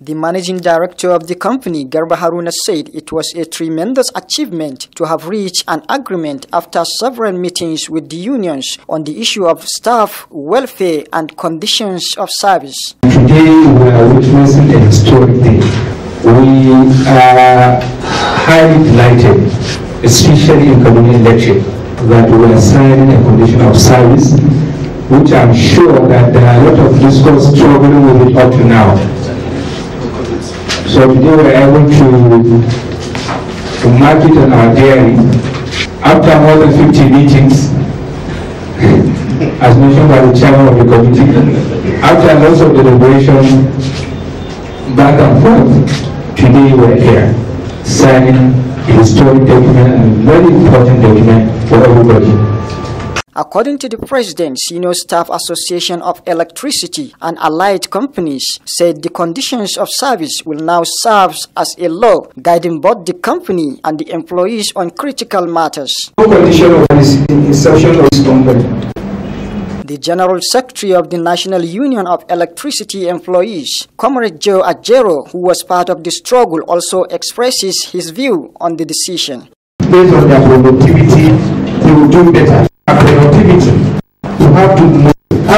The managing director of the company, Garba Haruna, said it was a tremendous achievement to have reached an agreement after several meetings with the unions on the issue of staff welfare and conditions of service. Today we are witnessing a historic day. We are highly delighted, especially in community election, that we are signing a condition of service which I'm sure that there are a lot of discos struggling with it up to now. So today we are able to, to it on our diary. After more than 50 meetings, as mentioned by the chairman of the committee, after lots of deliberation, back and forth, today we're here signing a historic document and a very important document for everybody. According to the president, Senior Staff Association of Electricity and allied companies said the conditions of service will now serve as a law guiding both the company and the employees on critical matters. No condition of inception of this company the General Secretary of the National Union of Electricity Employees, Comrade Joe Ajero, who was part of the struggle, also expresses his view on the decision. Based on their productivity, they will do better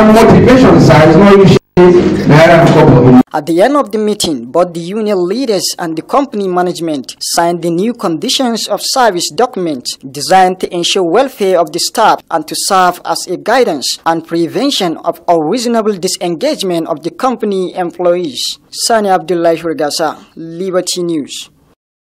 motivation at the end of the meeting, both the union leaders and the company management signed the new conditions of service document designed to ensure welfare of the staff and to serve as a guidance and prevention of unreasonable disengagement of the company employees. Sani Abdullah Regasa, Liberty News.